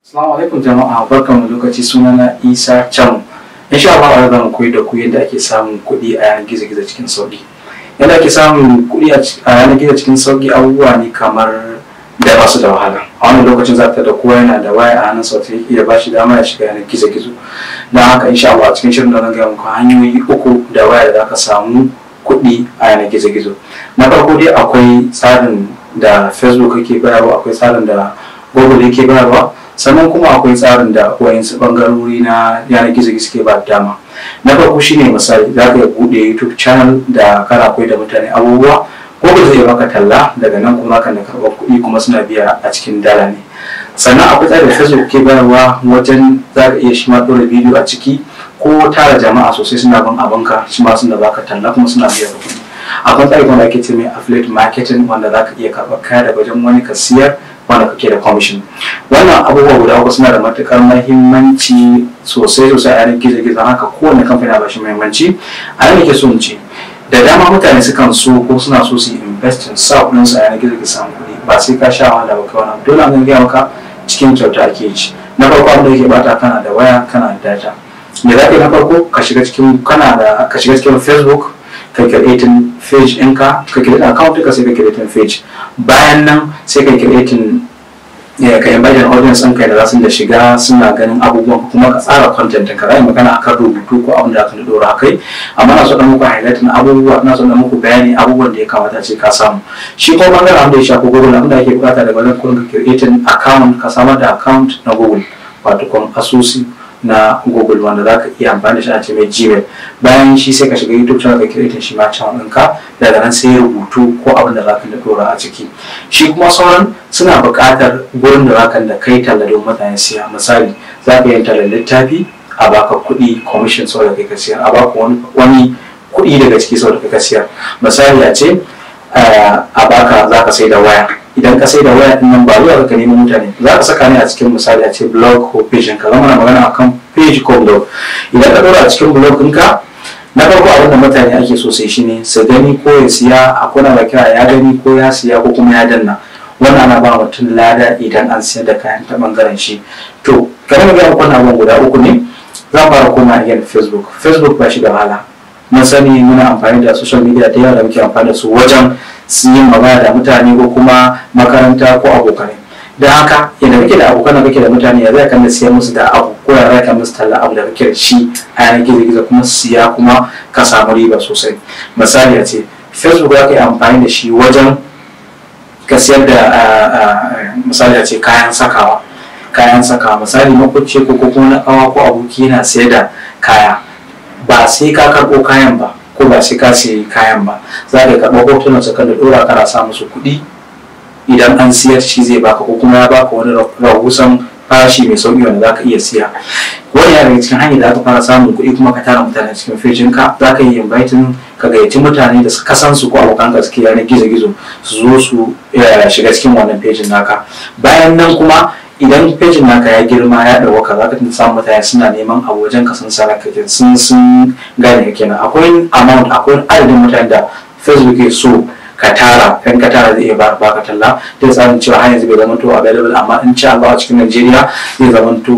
Assalamu alaikum jama'a barkan mu lokaci sunana Isa Chan. Insha Allah za mu koyi da ku yadda ake samun kuɗi a yanar gizo-gizo cikin sauƙi. Yadda ake samun kuɗi a yanar gizo cikin sauƙi abubuwa ne kamar da ba su da wahala. A wannan lokacin za ta da kowa yana da waya a hannun sauti ya ba shi dama ya shiga yanar gizo-gizo. Don haka insha Allah cikin shirin da zan gaya muku hanyoyi uku da waya da za ka samu kuɗi a yanar gizo-gizo. Na farko dai akwai tsarin da Facebook yake bayarwa akwai tsarin da Google yake bayarwa. sannan kuma akwai tsarin da wayansu bangarori na yanar gizo gizo ke ba dama na farko shine misali za ka buɗe youtube channel da kara akwai da mutane abubuwa ko ba zai baka talla daga nan kuma kan da karɓar kuɗi kuma suna biya a cikin dala ne sannan akwai tsarin da facebook ke bayarwa wajen za ka iya shi ɗora bidiyo a ciki ko tara jama'a sosai suna bin abinka shi ma suna baka talla kuma suna biya kuɗi akwai tsarin da ake ce mai affiliate marketing wanda za ka iya karɓar kaya daga wajen wani ka siyar wanda kake da commission wannan abubuwa guda uku suna da matukar mahimmanci sosai sosai a yanar gizo gizo haka kowane kamfani ba shi mahimmanci a yanar ke so ce da dama mutane sukan so ko suna so su in sa kudin su a yanar gizo gizo samu kuɗi ba sai ka sha wanda ba kawai dole an gaya maka cikin kyauta ake ci na farko abin da yake bata kana da waya kana da data me za ka yi na farko ka shiga cikin kana da ka shiga cikin facebook ka creating page ɗinka ka create account ka sai ka creating page bayan nan sai ka creating ya kai bayan audience kai da za da shiga suna ganin abubuwan kuma ka tsara content ka zai magana akan rubutu ko abin da ka dora kai amma na so dan muku highlight na abubuwa na so dan muku bayani abubuwan da ya kamata ce ka samu shi ko bangaren abin da ya shafi Google abin da ake bukata daga wajen kullum ka creating account ka samar da account na Google wato asusi na google wanda za ka iya amfani da shi a ce mai gmail bayan shi sai ka shiga youtube channel ka kireta shi ma channel ɗinka daga nan sai rubutu ko abin da za ka dora a ciki shi kuma sauran suna buƙatar gurin da za ka da kai talla don mutane siya misali za ka yi tallar littafi a baka kuɗi commission sau da kai ka a baka wani kuɗi daga ciki sau da kai ka misali eh, a ce a baka za ka sai da waya idan ka sai da waya din nan ba zuwa ka nemi mutane za ka saka ne a cikin misali a ce blog ko page ka zama na magana akan page ko blog idan ka dora a cikin blog ka na farko abin da mutane ake so sai shine su gani ko ya siya a na bakira ya gani ko ya siya ko kuma ya danna wannan ana ba mutum lada idan an siyar da kayan ta bangaren shi to kamar ga kuna abin guda uku ne zan fara koma again facebook facebook ba shi da wahala mun sani muna amfani da social media da yawa da muke amfani da su wajen su yi magana da mutane ko kuma makaranta ko abokanai don haka yadda kake da abokan da kake da mutane ya zai kan da siya musu da abu ko ya zai kan musu talla abu da kake shi a yanar gizo gizo kuma siya kuma ka samu riba sosai misali a ce facebook za ka yi amfani da shi wajen ka siyar da misali a ce kayan sakawa kayan sakawa misali makwabci ko kuma na kawa ko aboki yana sayar da kaya ba sai ka karɓo kayan ba ko ba sai ka sayi kayan ba za ka karɓa hotunan su kada dora kana sa musu kuɗi idan an siyar shi zai baka ko kuma ya baka wani rahusan fashi mai sauƙi wanda za ka iya siya wani yare cikin hanyar da aka fara samun kuɗi kuma ka tara mutane cikin fejin ka za ka yi inviting ka gayyaci mutane da ka san su ko abokan ka suke yanar gizo gizo su zo su eh, shiga cikin wannan fejin naka bayan nan kuma idan pejin naka ya girma ya ɗauka za ka samu mutane suna neman abu wajen ka sun sana kake sun sun gane kenan akwai amount akwai adadin mutane da facebook ya so Katara tara kan ka tara zai iya baka talla ta tsarin cewa har yanzu bai zama to available amma in ci Allah a cikin Najeriya zai zama to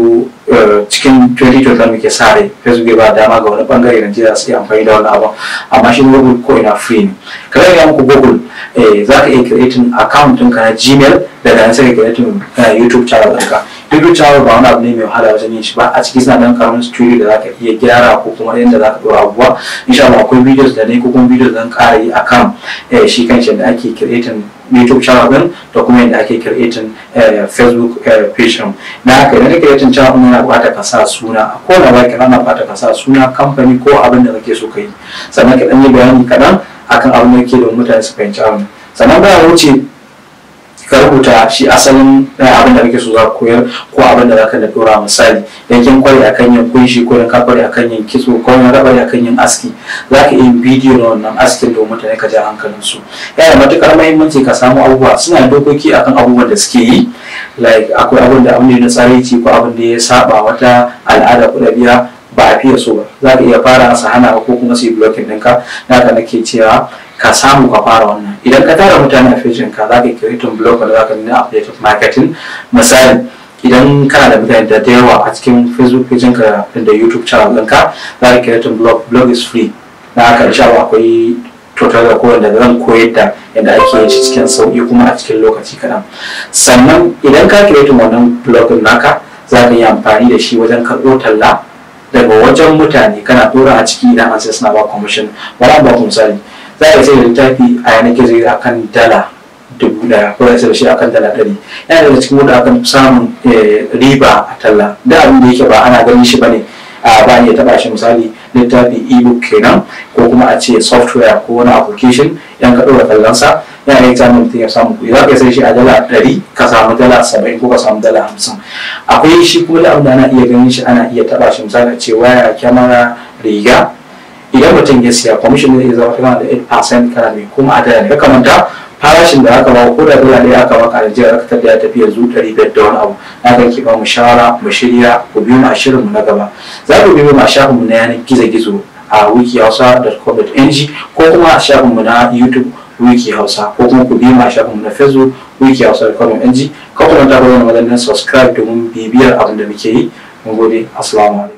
eh, cikin 2021 muke sa rai facebook ba dama ga wani bangare najeriya su yi amfani da wani abu amma shi google ko ina free ne kamar yana muku google eh, za ka iya creating account ɗinka na gmail daga nan sai ka creating eh, youtube channel ɗinka duk da ba wani abu ne mai wahala wajen yin shi ba a ciki suna dan karamin studio da zaka iya gyara ko kuma yadda zaka dora abubuwa insha Allah akwai videos da ne ko kuma videos dan ƙara yi akan eh, shi shi da ake creating YouTube channel din da kuma yadda ake creating eh, Facebook eh, page na haka idan kake creating channel din yana bata ka sa suna a kowane ba ka na kasa ka sa suna kamfani ko abin da kake so ka yi sannan ka dan yi bayani kaɗan akan abin da yake da mutane su fahimci abin sannan baya wuce ka rubuta shi asalin eh, abin da kake so za koyar ko abin da za ka dora misali da kin kware akan yin kunshi ko ka a akan yin kitso ko rabari a kan yin aski zaka yi bidiyo na wannan askin domin mutane ka ja hankalin su yana matukar mahimmanci ka samu abubuwa suna dokoki akan abubuwan da suke yi like akwai abin da abin da na tsari ce ko abin da ya saba wata al'ada ko ba a fiye so ba za ka iya fara su hana ko kuma su yi blocking ɗinka na ka nake cewa ka samu ka fara wannan idan ka tara mutane a fejin ka za ka kiritin blog da za ka nuna affiliate marketing misali idan kana da mutane da yawa a cikin facebook page ka da youtube channel ɗinka za ka creating blog blog is free na haka insha akwai total da kowanne zan koyar da yadda ake yin shi cikin sauki kuma a cikin lokaci kaɗan sannan idan ka kiritin wannan blog naka za ka yi amfani da shi wajen karɓo talla daga wajen mutane kana ɗora a ciki idan an sai suna ba commission wani ba ku misali za a sai littafi a yanar zai a kan dala dubu daya ko ya shi a kan dala ɗari yana da cikin wanda akan samun eh, riba a talla da abin da yake ba ana ganin shi bane a bani ya taba shi misali littafi ebook kenan ko kuma a ce software ko wani application yan ka ɗora tallansa yana yin samun mutum ya samu kuɗi za ka sai shi a dala ɗari ka samu dala saba'in ko ka samu dala hamsin akwai shi kuma da abin da ana iya ganin shi ana iya taba shi misali a ce waya kyamara riga idan mutum ya siya kwamishin zai zama kana da 8% kana da kuma a daya ne ka farashin da aka bawa ko da dala ne aka maka a jiya aka tafiya tafiya zu 500 da wani abu na kan ki ba mu shawara mu shirya ku biyo mu a shirin mu na gaba za ku biyo mu a shafin mu na yanar gizo gizo a wikihausa.com.ng ko kuma a shafin mu na youtube wiki hausa ko kuma ku biyo mu a shafin mu na facebook wiki hausa.com.ng ka kuma ta gwamnati wajen subscribe domin bibiyar abin da muke yi mun gode assalamu alaikum